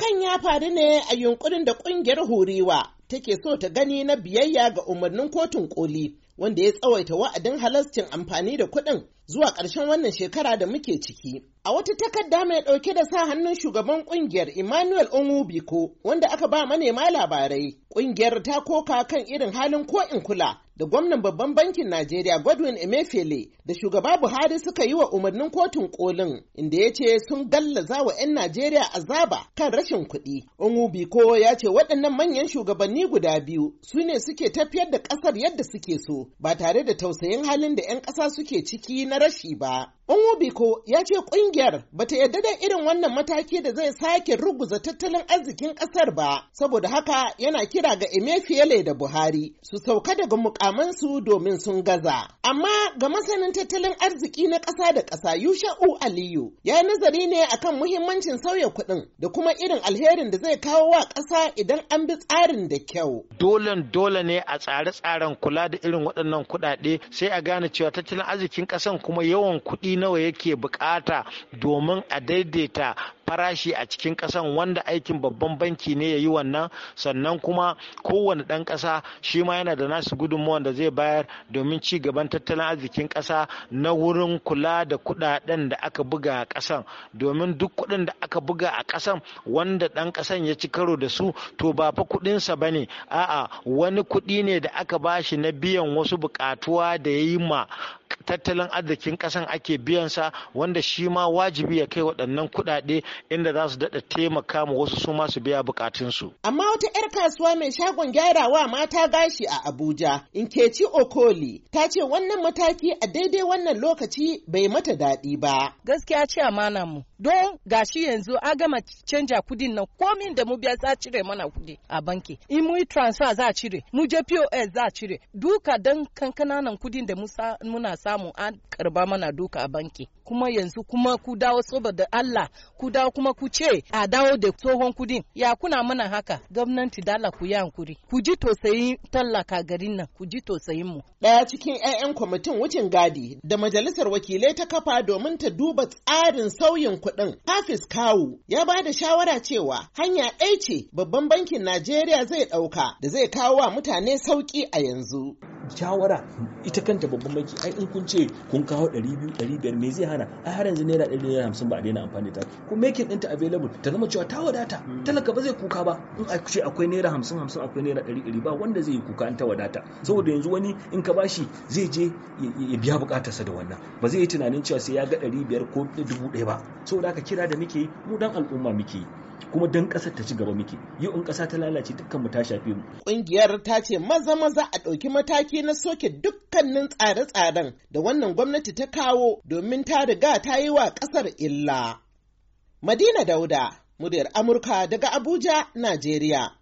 Hakan ya faru ne a yunkurin da ƙungiyar horewa take so ta gani na biyayya ga umarnin kotun koli wanda ya tsawaita wa'adin halascin amfani da kuɗin zuwa ƙarshen wannan shekara da muke ciki. A wata takarda mai ɗauke da sa hannun shugaban ƙungiyar Emmanuel Onwubiko wanda aka ba manema labarai, Ƙungiyar ta koka kan irin halin ko in kula da gwamnan babban bankin Najeriya Godwin Emefiele da shugaba Buhari suka yi wa umarnin kotun kolin inda ya ce sun gallaza wa 'yan Najeriya azaba kan rashin kuɗi. Unwubiko ya ce waɗannan manyan shugabanni guda biyu su ne suke tafiyar da ƙasar yadda suke so ba tare da tausayin halin da 'yan ƙasa suke ciki na rashi ba. Onwubiko ya ce ƙungiyar ba ta yarda da irin wannan mataki da zai sake ruguza tattalin arzikin ƙasar ba saboda haka yana kira kira ga Emefiele da Buhari su sauka daga mukamansu domin sun gaza. Amma ga masanin tattalin arziki na ƙasa da ƙasa Yusha'u Aliyu ya nazari ne akan muhimmancin sauya kuɗin da kuma irin alherin da zai kawo wa ƙasa idan an bi tsarin da kyau. Dolen dole ne a tsare-tsaren kula da irin waɗannan kuɗaɗe sai a gane cewa tattalin arzikin ƙasan kuma yawan kuɗi nawa yake buƙata domin a daidaita farashi a cikin kasan wanda aikin babban banki ne ya yi wannan sannan kuma kowane ɗan ƙasa shi ma yana da nasu gudunmuwan da zai bayar domin ci gaban tattalin arzikin ƙasa na wurin kula da kuɗaɗen da aka buga a ƙasan domin duk kuɗin da aka buga a ƙasan wanda ɗan ƙasan ya ci karo da su to ba fa kuɗinsa ba ne a'a wani kuɗi ne da aka ba shi na biyan wasu buƙatuwa da ya yi ma tattalin arzikin kasan ake biyan sa wanda shi ma wajibi ya kai waɗannan kuɗaɗe inda za su daɗa taimaka ma wasu su ma su biya bukatunsu. Amma wata 'yar kasuwa mai shagon gyarawa mata gashi a Abuja, Nkechi Okoli, ta ce wannan mataki a daidai wannan lokaci bai mata daɗi ba. Gaskiya ce amana mu. Don gashi yanzu a gama canja kudin nan komin da mu biya za cire mana kudi a banki. In mu yi transfer za cire, mu je POS za cire. Duka dan kankananan kudin da muna samu an karba mana duka a banki kuma yanzu kuma ku dawo saboda Allah ku dawo kuma ku ce a dawo da tsohon kudin ya kuna mana haka gwamnati dala ku yi hankuri ku ji tausayin tallaka garin nan ku ji tausayin mu daya cikin 'ƴa'ƴan kwamitin wucin gadi da majalisar wakilai ta kafa domin ta duba tsarin sauyin kuɗin hafiz kawu ya ba da shawara cewa hanya ɗaya ce babban bankin najeriya zai ɗauka da zai kawo wa mutane sauki a yanzu shawara ita kanta babban maki, ai in kun ce kun kawo 200 500 me zai hana ai har yanzu naira 150 ba a daina amfani da ta ko making ɗinta available ta zama cewa ta wadata talaka ba zai kuka ba in a ce akwai naira 50 50 akwai naira 100 ba wanda zai yi kuka an ta wadata saboda yanzu wani in ka bashi zai je ya biya bukatar sa da wannan ba zai yi tunanin cewa sai ya ga 500 ko 1000 ba saboda haka kira da muke yi mu dan al'umma muke yi kuma don ƙasar ta ci gaba muke yau in ƙasa ta lalace dukkan mu ta shafe mu ƙungiyar ta ce maza maza a ɗauki mataki na soke dukkanin tsare-tsaren da wannan gwamnati ta kawo domin ta riga ta yi wa ƙasar illa Madina Dauda, muryar Amurka daga Abuja, Najeriya.